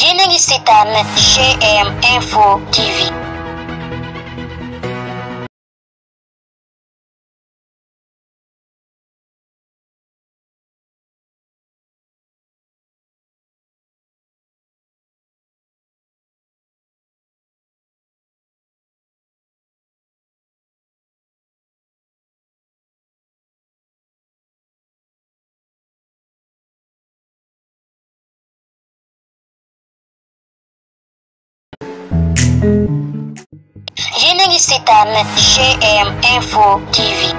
yéen a ngi yéen a ngi